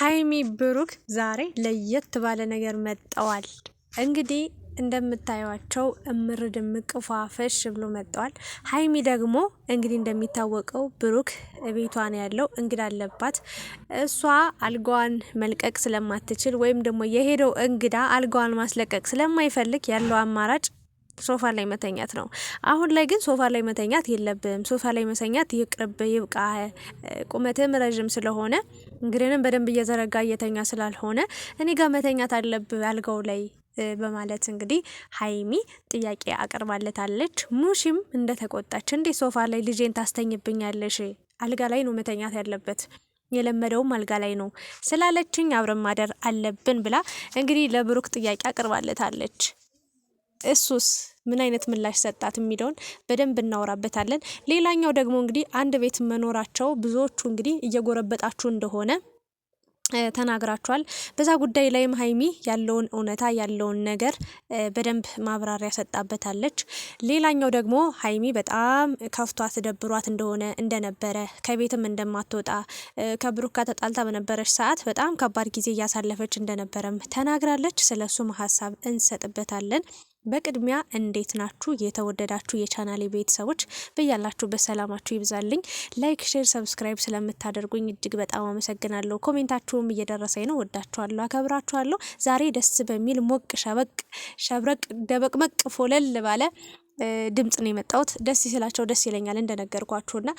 ሀይሚ ብሩክ ዛሬ ለየት ባለ ነገር መጠዋል። እንግዲህ እንደምታዩቸው እምር ድምቅ ፏፈሽ ብሎ መጠዋል። ሀይሚ ደግሞ እንግዲህ እንደሚታወቀው ብሩክ ቤቷ ነው ያለው፣ እንግዳ አለባት። እሷ አልጋዋን መልቀቅ ስለማትችል ወይም ደግሞ የሄደው እንግዳ አልጋዋን ማስለቀቅ ስለማይፈልግ ያለው አማራጭ ሶፋ ላይ መተኛት ነው። አሁን ላይ ግን ሶፋ ላይ መተኛት የለብም። ሶፋ ላይ መተኛት ይቅርብ፣ ይብቃ። ቁመትም ረዥም ስለሆነ እንግዲንም በደንብ እየዘረጋ እየተኛ ስላልሆነ እኔ ጋር መተኛት አለብ አልጋው ላይ በማለት እንግዲህ ሀይሚ ጥያቄ አቅርባለታለች። ሙሽም እንደተቆጣች እንዴ ሶፋ ላይ ልጄን ታስተኝብኛለሽ? አልጋ ላይ ነው መተኛት ያለበት የለመደውም አልጋ ላይ ነው ስላለችኝ አብረን ማደር አለብን ብላ እንግዲህ ለብሩክ ጥያቄ አቅርባለታለች። እሱስ ምን አይነት ምላሽ ሰጣት የሚለውን በደንብ እናወራበታለን። ሌላኛው ደግሞ እንግዲህ አንድ ቤት መኖራቸው ብዙዎቹ እንግዲህ እየጎረበጣችሁ እንደሆነ ተናግራችኋል። በዛ ጉዳይ ላይም ሀይሚ ያለውን እውነታ ያለውን ነገር በደንብ ማብራሪያ ሰጣበታለች። ሌላኛው ደግሞ ሀይሚ በጣም ከፍቷት ደብሯት እንደሆነ እንደነበረ ከቤትም እንደማትወጣ ከብሩካ ተጣልታ በነበረች ሰዓት በጣም ከባድ ጊዜ እያሳለፈች እንደነበረም ተናግራለች። ስለሱም ሀሳብ እንሰጥበታለን። በቅድሚያ እንዴት ናችሁ? የተወደዳችሁ የቻናሌ ቤተሰቦች በያላችሁበት ሰላማችሁ ይብዛልኝ። ላይክ፣ ሼር፣ ሰብስክራይብ ስለምታደርጉኝ እጅግ በጣም አመሰግናለሁ። ኮሜንታችሁም እየደረሰኝ ነው። ወዳችኋለሁ፣ አከብራችኋለሁ። ዛሬ ደስ በሚል ሞቅ ሸበቅ ሸብረቅ ደበቅመቅ ፎለል ባለ ድምጽ ነው የመጣሁት። ደስ ይስላቸው ደስ ይለኛል እንደነገርኳችሁና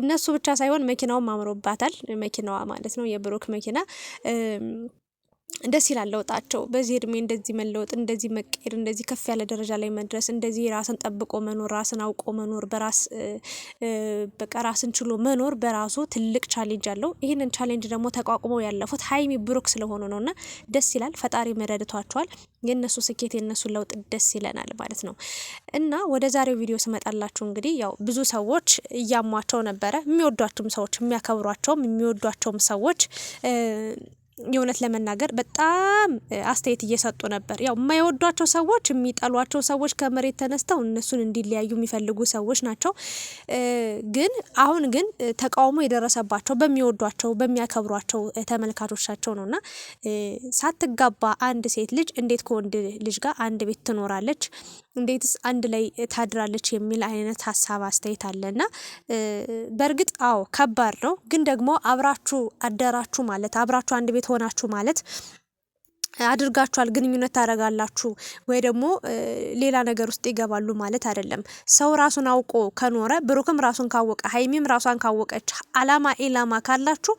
እነሱ ብቻ ሳይሆን መኪናውም አምሮባታል። መኪናዋ ማለት ነው የብሩክ መኪና ደስ ይላል ለውጣቸው። በዚህ እድሜ እንደዚህ መለወጥ፣ እንደዚህ መቀየር፣ እንደዚህ ከፍ ያለ ደረጃ ላይ መድረስ፣ እንደዚህ ራስን ጠብቆ መኖር፣ ራስን አውቆ መኖር፣ በራስ በቃ ራስን ችሎ መኖር በራሱ ትልቅ ቻሌንጅ አለው። ይህንን ቻሌንጅ ደግሞ ተቋቁመው ያለፉት ሀይሚ ብሩክ ስለሆኑ ነው እና ደስ ይላል። ፈጣሪ መረድቷቸዋል። የእነሱ ስኬት የእነሱ ለውጥ ደስ ይለናል ማለት ነው እና ወደ ዛሬው ቪዲዮ ስመጣላችሁ እንግዲህ ያው ብዙ ሰዎች እያሟቸው ነበረ የሚወዷቸውም ሰዎች የሚያከብሯቸውም የሚወዷቸውም ሰዎች የእውነት ለመናገር በጣም አስተያየት እየሰጡ ነበር። ያው የማይወዷቸው ሰዎች፣ የሚጠሏቸው ሰዎች ከመሬት ተነስተው እነሱን እንዲለያዩ የሚፈልጉ ሰዎች ናቸው። ግን አሁን ግን ተቃውሞ የደረሰባቸው በሚወዷቸው በሚያከብሯቸው ተመልካቾቻቸው ነው እና ሳትጋባ አንድ ሴት ልጅ እንዴት ከወንድ ልጅ ጋር አንድ ቤት ትኖራለች? እንዴትስ አንድ ላይ ታድራለች የሚል አይነት ሀሳብ አስተያየት አለና በእርግጥ አዎ ከባድ ነው። ግን ደግሞ አብራችሁ አደራችሁ ማለት አብራችሁ አንድ ቤት ሆናችሁ ማለት አድርጋችኋል ግንኙነት ታደርጋላችሁ ወይ ደግሞ ሌላ ነገር ውስጥ ይገባሉ ማለት አይደለም። ሰው ራሱን አውቆ ከኖረ ብሩክም ራሱን ካወቀ ሀይሚም ራሷን ካወቀች አላማ ኢላማ ካላችሁ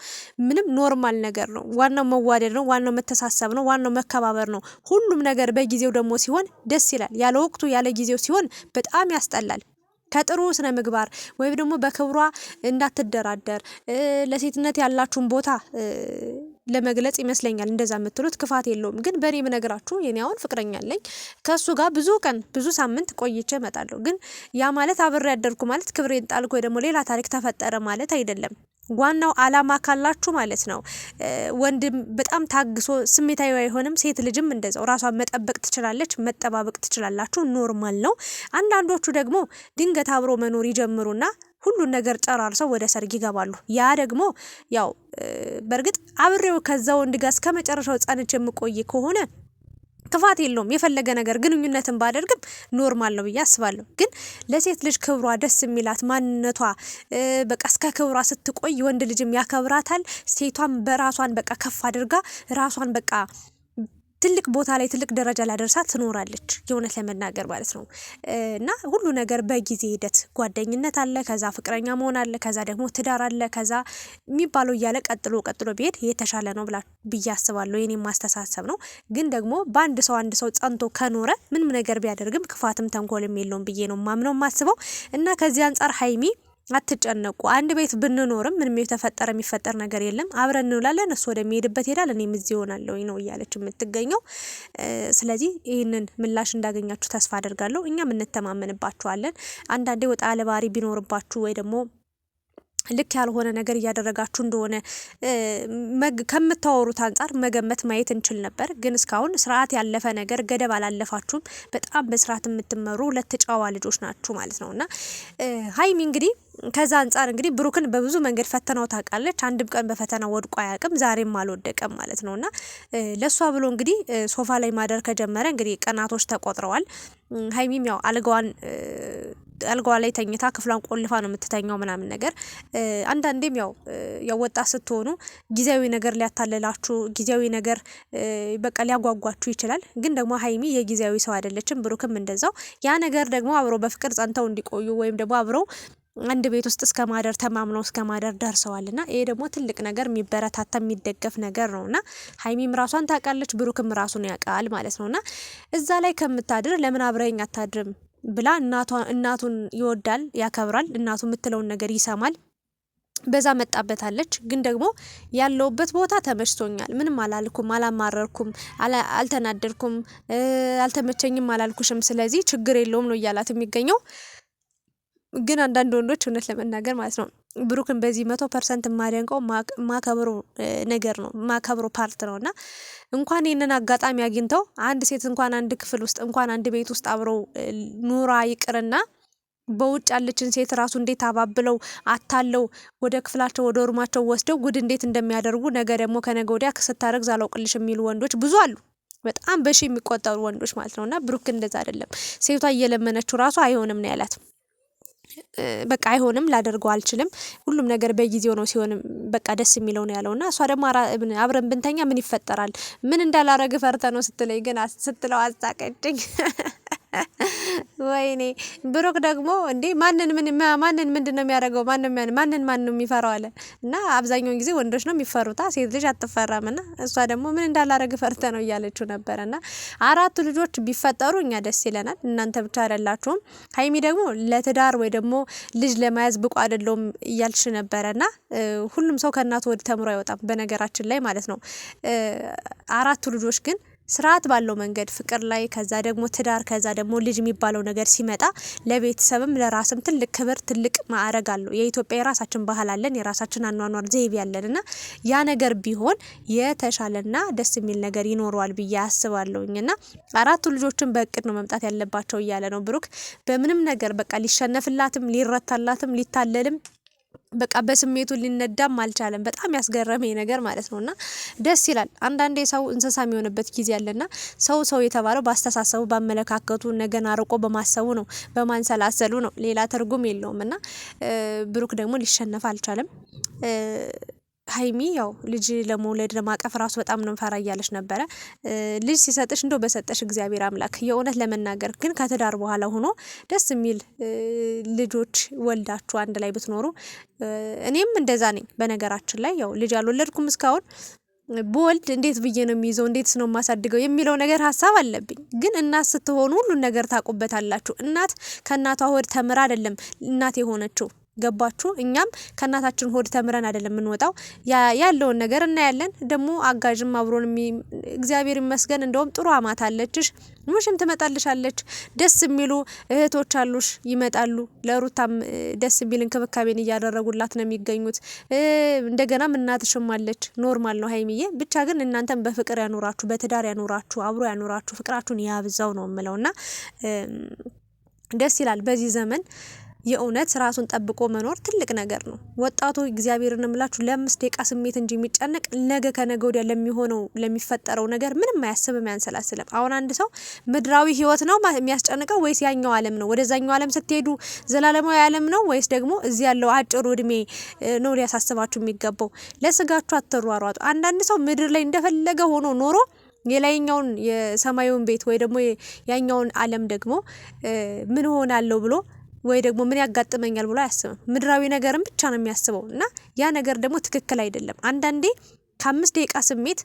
ምንም ኖርማል ነገር ነው። ዋናው መዋደድ ነው። ዋናው መተሳሰብ ነው። ዋናው መከባበር ነው። ሁሉም ነገር በጊዜው ደግሞ ሲሆን ደስ ይላል። ያለ ወቅቱ ያለ ጊዜው ሲሆን በጣም ያስጠላል። ከጥሩ ስነ ምግባር ወይም ደግሞ በክብሯ እንዳትደራደር ለሴትነት ያላችሁን ቦታ ለመግለጽ ይመስለኛል እንደዛ የምትሉት ክፋት የለውም። ግን በእኔ ብነግራችሁ የኔ አሁን ፍቅረኛ አለኝ ከእሱ ጋር ብዙ ቀን ብዙ ሳምንት ቆይቼ እመጣለሁ። ግን ያ ማለት አብሬ ያደርኩ ማለት ክብሬን ጣልኩ ወይ ደግሞ ሌላ ታሪክ ተፈጠረ ማለት አይደለም። ዋናው አላማ ካላችሁ ማለት ነው። ወንድም በጣም ታግሶ ስሜታዊ አይሆንም። ሴት ልጅም እንደዛው ራሷን መጠበቅ ትችላለች፣ መጠባበቅ ትችላላችሁ። ኖርማል ነው። አንዳንዶቹ ደግሞ ድንገት አብሮ መኖር ይጀምሩና ሁሉን ነገር ጨራርሰው ወደ ሰርግ ይገባሉ። ያ ደግሞ ያው በእርግጥ አብሬው ከዛ ወንድ ጋር እስከ መጨረሻው ጸንቼ የምቆይ ከሆነ ክፋት የለውም። የፈለገ ነገር ግንኙነትን ባደርግም ኖርማል ነው ብዬ አስባለሁ። ግን ለሴት ልጅ ክብሯ ደስ የሚላት ማንነቷ፣ በቃ እስከ ክብሯ ስትቆይ ወንድ ልጅም ያከብራታል። ሴቷም በራሷን በቃ ከፍ አድርጋ ራሷን በቃ ትልቅ ቦታ ላይ ትልቅ ደረጃ ላደርሳ ትኖራለች፣ የእውነት ለመናገር ማለት ነው። እና ሁሉ ነገር በጊዜ ሂደት ጓደኝነት አለ፣ ከዛ ፍቅረኛ መሆን አለ፣ ከዛ ደግሞ ትዳር አለ፣ ከዛ የሚባለው እያለ ቀጥሎ ቀጥሎ ቢሄድ የተሻለ ነው ብላ ብዬ አስባለሁ። የኔ ማስተሳሰብ ነው። ግን ደግሞ በአንድ ሰው አንድ ሰው ጸንቶ ከኖረ ምንም ነገር ቢያደርግም ክፋትም ተንኮልም የለውም ብዬ ነው ማምነው ማስበው እና ከዚህ አንጻር ሀይሚ አትጨነቁ። አንድ ቤት ብንኖርም ምንም የተፈጠረ የሚፈጠር ነገር የለም። አብረን እንውላለን። እሱ ወደሚሄድበት ይሄዳል፣ እኔም እዚህ እሆናለሁ ነው እያለች የምትገኘው። ስለዚህ ይህንን ምላሽ እንዳገኛችሁ ተስፋ አደርጋለሁ። እኛም እንተማመንባችኋለን። አንዳንዴ ወጣ ያለ ባህሪ ቢኖርባችሁ ወይ ደግሞ ልክ ያልሆነ ነገር እያደረጋችሁ እንደሆነ ከምታወሩት አንጻር መገመት ማየት እንችል ነበር። ግን እስካሁን ስርዓት ያለፈ ነገር ገደብ አላለፋችሁም። በጣም በስርዓት የምትመሩ ሁለት ጨዋ ልጆች ናችሁ ማለት ነው እና ሀይሚ እንግዲህ ከዛ አንጻር እንግዲህ ብሩክን በብዙ መንገድ ፈተናው ታውቃለች። አንድም ቀን በፈተና ወድቆ አያውቅም፣ ዛሬም አልወደቀም ማለት ነውና ለእሷ ብሎ እንግዲህ ሶፋ ላይ ማደር ከጀመረ እንግዲህ ቀናቶች ተቆጥረዋል። ሀይሚም ያው አልጋዋን አልጋዋ ላይ ተኝታ ክፍሏን ቆልፋ ነው የምትተኛው ምናምን ነገር። አንዳንዴም ያው ያወጣ ስትሆኑ ጊዜያዊ ነገር ሊያታልላችሁ፣ ጊዜያዊ ነገር በቃ ሊያጓጓችሁ ይችላል። ግን ደግሞ ሀይሚ የጊዜያዊ ሰው አይደለችም፣ ብሩክም እንደዛው። ያ ነገር ደግሞ አብረው በፍቅር ጸንተው እንዲቆዩ ወይም ደግሞ አብረው አንድ ቤት ውስጥ እስከ ማደር ተማምነው እስከ ማደር ደርሰዋል። ና ይሄ ደግሞ ትልቅ ነገር የሚበረታታ የሚደገፍ ነገር ነው። ና ሀይሚም ራሷን ታውቃለች፣ ብሩክም ራሱን ያውቃል ማለት ነው። ና እዛ ላይ ከምታድር ለምን አብረኝ አታድርም ብላ እናቱን ይወዳል፣ ያከብራል። እናቱ የምትለውን ነገር ይሰማል። በዛ መጣበታለች። ግን ደግሞ ያለውበት ቦታ ተመችቶኛል፣ ምንም አላልኩም፣ አላማረርኩም፣ አልተናደድኩም፣ አልተመቸኝም አላልኩሽም፣ ስለዚህ ችግር የለውም ነው እያላት የሚገኘው ግን አንዳንድ ወንዶች እውነት ለመናገር ማለት ነው ብሩክን በዚህ መቶ ፐርሰንት የማደንቀው ማከብሮ ነገር ነው ማከብሮ ፓርት ነው እና እንኳን ይህንን አጋጣሚ አግኝተው አንድ ሴት እንኳን አንድ ክፍል ውስጥ እንኳን አንድ ቤት ውስጥ አብረው ኑራ ይቅርና በውጭ ያለችን ሴት ራሱ እንዴት አባብለው አታለው ወደ ክፍላቸው ወደ ወርማቸው ወስደው ጉድ እንዴት እንደሚያደርጉ ነገ ደግሞ ከነገ ወዲያ ስታረግዝ አላውቅልሽ የሚሉ ወንዶች ብዙ አሉ። በጣም በሺ የሚቆጠሩ ወንዶች ማለት ነው። እና ብሩክ እንደዛ አይደለም። ሴቷ እየለመነችው ራሱ አይሆንም ነው ያላት። በቃ አይሆንም፣ ላደርገው አልችልም። ሁሉም ነገር በጊዜው ነው ሲሆንም በቃ ደስ የሚለው ነው ያለው እና እሷ ደግሞ አብረን ብንተኛ ምን ይፈጠራል ምን እንዳላረግ ፈርተ ነው ስትለኝ ግን ስትለው አስታቀጭኝ። ወይኔ ብሩክ ደግሞ እንዴ ማንን ምን ማንን ምንድን ነው የሚያደርገው? ማንን ማንን ማን ነው የሚፈራው አለ እና አብዛኛውን ጊዜ ወንዶች ነው የሚፈሩታ፣ ሴት ልጅ አትፈራም። እና እሷ ደግሞ ምን እንዳላረግ ፈርተ ነው እያለችው ነበረ። እና አራቱ ልጆች ቢፈጠሩ እኛ ደስ ይለናል፣ እናንተ ብቻ አይደላችሁም። ሀይሚ ደግሞ ለትዳር ወይ ደግሞ ልጅ ለመያዝ ብቁ አይደለሁም እያልሽ ነበረ። እና ሁሉም ሰው ከእናቱ ወድ ተምሮ አይወጣም፣ በነገራችን ላይ ማለት ነው። አራቱ ልጆች ግን ስርዓት ባለው መንገድ ፍቅር ላይ ከዛ ደግሞ ትዳር ከዛ ደግሞ ልጅ የሚባለው ነገር ሲመጣ ለቤተሰብም ለራስም ትልቅ ክብር ትልቅ ማዕረግ አለው። የኢትዮጵያ የራሳችን ባህል አለን፣ የራሳችን አኗኗር ዘይቤ ያለን እና ያ ነገር ቢሆን የተሻለና ደስ የሚል ነገር ይኖረዋል ብዬ አስባለሁኝ። እና አራቱ ልጆችን በእቅድ ነው መምጣት ያለባቸው እያለ ነው ብሩክ። በምንም ነገር በቃ ሊሸነፍላትም ሊረታላትም ሊታለልም በቃ በስሜቱ ሊነዳም አልቻለም። በጣም ያስገረመኝ ነገር ማለት እና ደስ ይላል። አንዳንዴ ሰው እንስሳ የሚሆንበት ጊዜ አለና ሰው ሰው የተባለው በአስተሳሰቡ፣ ባመለካከቱ ነገን አርቆ በማሰቡ ነው፣ በማንሰላሰሉ ነው። ሌላ ትርጉም የለውም እና ብሩክ ደግሞ ሊሸነፍ አልቻለም። ሀይሚ ያው ልጅ ለመውለድ ለማቀፍ ራሱ በጣም ነው ፈራ እያለች ነበረ። ልጅ ሲሰጥሽ እንደው በሰጠሽ እግዚአብሔር አምላክ የእውነት ለመናገር ግን ከትዳር በኋላ ሆኖ ደስ የሚል ልጆች ወልዳችሁ አንድ ላይ ብትኖሩ እኔም እንደዛ ነኝ። በነገራችን ላይ ያው ልጅ አልወለድኩም እስካሁን በወልድ እንዴት ብዬ ነው የሚይዘው፣ እንዴት ነው የማሳድገው የሚለው ነገር ሀሳብ አለብኝ። ግን እናት ስትሆኑ ሁሉን ነገር ታውቁበታላችሁ። እናት ከእናቷ ሆድ ተምራ አይደለም እናት የሆነችው ገባችሁ? እኛም ከእናታችን ሆድ ተምረን አይደለም የምንወጣው። ያለውን ነገር እናያለን። ደግሞ አጋዥም አብሮን እግዚአብሔር ይመስገን። እንደውም ጥሩ አማት አለችሽ፣ ሙሽም ትመጣልሻለች። ደስ የሚሉ እህቶች አሉሽ፣ ይመጣሉ። ለሩታም ደስ የሚል እንክብካቤን እያደረጉላት ነው የሚገኙት። እንደገናም እናትሽም አለች። ኖርማል ነው ሀይሚዬ። ብቻ ግን እናንተም በፍቅር ያኖራችሁ፣ በትዳር ያኖራችሁ፣ አብሮ ያኖራችሁ፣ ፍቅራችሁን ያብዛው ነው የምለውና ደስ ይላል በዚህ ዘመን የእውነት ራሱን ጠብቆ መኖር ትልቅ ነገር ነው። ወጣቱ እግዚአብሔርን እምላችሁ ለአምስት ደቂቃ ስሜት እንጂ የሚጨነቅ ነገ ከነገ ወዲያ ለሚሆነው ለሚፈጠረው ነገር ምንም አያስብም፣ ያንሰላስልም። አሁን አንድ ሰው ምድራዊ ህይወት ነው የሚያስጨንቀው ወይስ ያኛው ዓለም ነው? ወደዛኛው ዓለም ስትሄዱ ዘላለማዊ ዓለም ነው ወይስ ደግሞ እዚህ ያለው አጭሩ እድሜ ነው ሊያሳስባችሁ የሚገባው? ለስጋችሁ አትሯሯጡ። አንዳንድ ሰው ምድር ላይ እንደፈለገ ሆኖ ኖሮ የላይኛውን የሰማዩን ቤት ወይ ደግሞ ያኛውን ዓለም ደግሞ ምን ሆናለሁ ብሎ ወይ ደግሞ ምን ያጋጥመኛል ብሎ አያስብም። ምድራዊ ነገርን ብቻ ነው የሚያስበው እና ያ ነገር ደግሞ ትክክል አይደለም። አንዳንዴ ከአምስት ደቂቃ ስሜት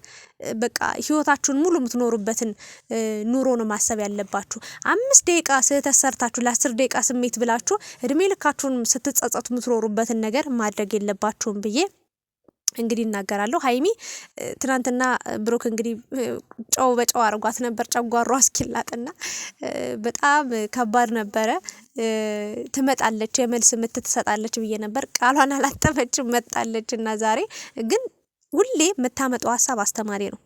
በቃ ህይወታችሁን ሙሉ የምትኖሩበትን ኑሮ ነው ማሰብ ያለባችሁ። አምስት ደቂቃ ስህተት ሰርታችሁ ለአስር ደቂቃ ስሜት ብላችሁ እድሜ ልካችሁን ስትጸጸቱ የምትኖሩበትን ነገር ማድረግ የለባችሁም ብዬ እንግዲህ እናገራለሁ። ሀይሚ ትናንትና ብሩክ እንግዲህ ጨው በጨው አርጓት ነበር፣ ጨጓሯ እስኪላጥና በጣም ከባድ ነበረ። ትመጣለች፣ የመልስ ምት ትሰጣለች ብዬ ነበር። ቃሏን አላጠፈችም፣ መጣለች እና ዛሬ ግን ሁሌ የምታመጣው ሀሳብ አስተማሪ ነው።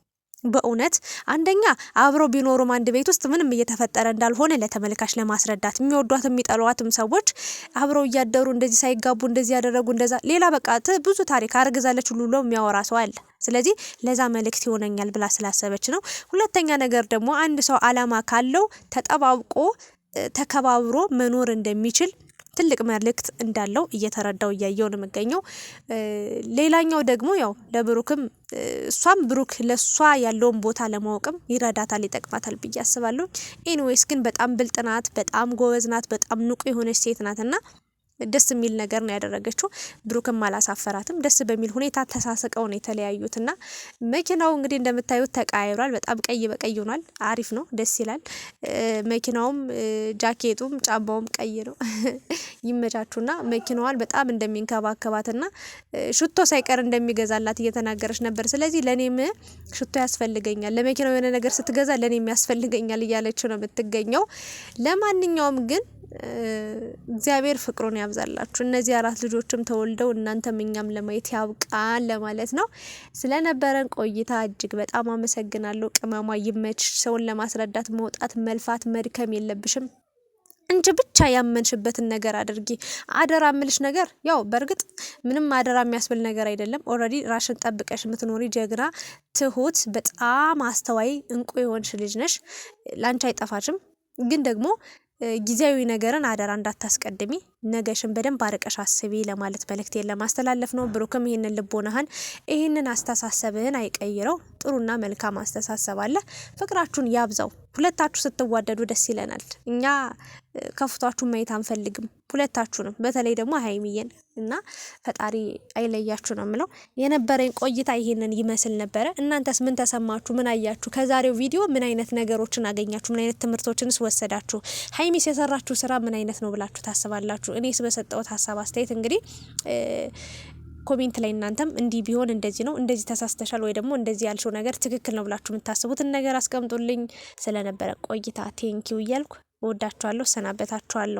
በእውነት አንደኛ አብረው ቢኖሩም አንድ ቤት ውስጥ ምንም እየተፈጠረ እንዳልሆነ ለተመልካች ለማስረዳት የሚወዷት የሚጠሏትም ሰዎች አብረው እያደሩ እንደዚህ ሳይጋቡ እንደዚህ ያደረጉ እንደዛ ሌላ በቃ ብዙ ታሪክ አርግዛለች ሁሉ ብሎ የሚያወራ ሰው አለ። ስለዚህ ለዛ መልእክት ይሆነኛል ብላ ስላሰበች ነው። ሁለተኛ ነገር ደግሞ አንድ ሰው አላማ ካለው ተጠባብቆ ተከባብሮ መኖር እንደሚችል ትልቅ መልእክት እንዳለው እየተረዳው እያየው ነው የምገኘው። ሌላኛው ደግሞ ያው ለብሩክም እሷም ብሩክ ለእሷ ያለውን ቦታ ለማወቅም ይረዳታል፣ ይጠቅማታል ብዬ አስባለሁ። ኤኒዌይስ ግን በጣም ብልጥ ናት፣ በጣም ጎበዝ ናት፣ በጣም ንቁ የሆነች ሴት ናት እና ደስ የሚል ነገር ነው ያደረገችው። ብሩክም አላሳፈራትም። ደስ በሚል ሁኔታ ተሳስቀው ነው የተለያዩትና መኪናው እንግዲህ እንደምታዩት ተቀያይሯል። በጣም ቀይ በቀይ ሆኗል። አሪፍ ነው፣ ደስ ይላል። መኪናውም ጃኬቱም ጫማውም ቀይ ነው። ይመቻቹና መኪናዋን በጣም እንደሚንከባከባትና ሽቶ ሳይቀር እንደሚገዛላት እየተናገረች ነበር። ስለዚህ ለእኔም ሽቶ ያስፈልገኛል፣ ለመኪናው የሆነ ነገር ስትገዛ ለእኔም ያስፈልገኛል እያለችው ነው የምትገኘው። ለማንኛውም ግን እግዚአብሔር ፍቅሩን ያብዛላችሁ። እነዚህ አራት ልጆችም ተወልደው እናንተም እኛም ለማየት ያብቃን ለማለት ነው። ስለነበረን ቆይታ እጅግ በጣም አመሰግናለሁ። ቅመማ ይመች። ሰውን ለማስረዳት መውጣት መልፋት መድከም የለብሽም እንጂ ብቻ ያመንሽበትን ነገር አድርጊ። አደራ ምልሽ ነገር ያው በእርግጥ ምንም አደራ የሚያስብል ነገር አይደለም። ኦልሬዲ ራሽን ጠብቀሽ የምትኖሪ ጀግና፣ ትሁት፣ በጣም አስተዋይ እንቁ የሆንሽ ልጅ ነሽ። ላንቺ አይጠፋችም ግን ደግሞ ጊዜያዊ ነገርን አደራ እንዳታስቀድሚ፣ ነገሽን በደንብ አርቀሽ አስቢ ለማለት መልእክቴን ለማስተላለፍ ነው። ብሩክም ይህንን ልቦናህን ይህንን አስተሳሰብህን አይቀይረው። ጥሩና መልካም አስተሳሰብ አለ። ፍቅራችሁን ያብዛው። ሁለታችሁ ስትዋደዱ ደስ ይለናል። እኛ ከፍቷችሁ ማየት አንፈልግም ሁለታችሁንም፣ በተለይ ደግሞ ሀይሚዬን እና ፈጣሪ አይለያችሁ ነው የምለው። የነበረኝ ቆይታ ይሄንን ይመስል ነበረ። እናንተስ ምን ተሰማችሁ? ምን አያችሁ? ከዛሬው ቪዲዮ ምን አይነት ነገሮችን አገኛችሁ? ምን አይነት ትምህርቶችንስ ወሰዳችሁ? ሀይሚስ የሰራችሁ ስራ ምን አይነት ነው ብላችሁ ታስባላችሁ? እኔስ በሰጠሁት ሀሳብ አስተያየት እንግዲህ ኮሜንት ላይ እናንተም እንዲህ ቢሆን እንደዚህ ነው፣ እንደዚህ ተሳስተሻል፣ ወይ ደግሞ እንደዚህ ያልሽው ነገር ትክክል ነው ብላችሁ የምታስቡትን ነገር አስቀምጡልኝ። ስለነበረ ቆይታ ቴንኪው እያልኩ እወዳችኋለሁ፣ እሰናበታችኋለሁ።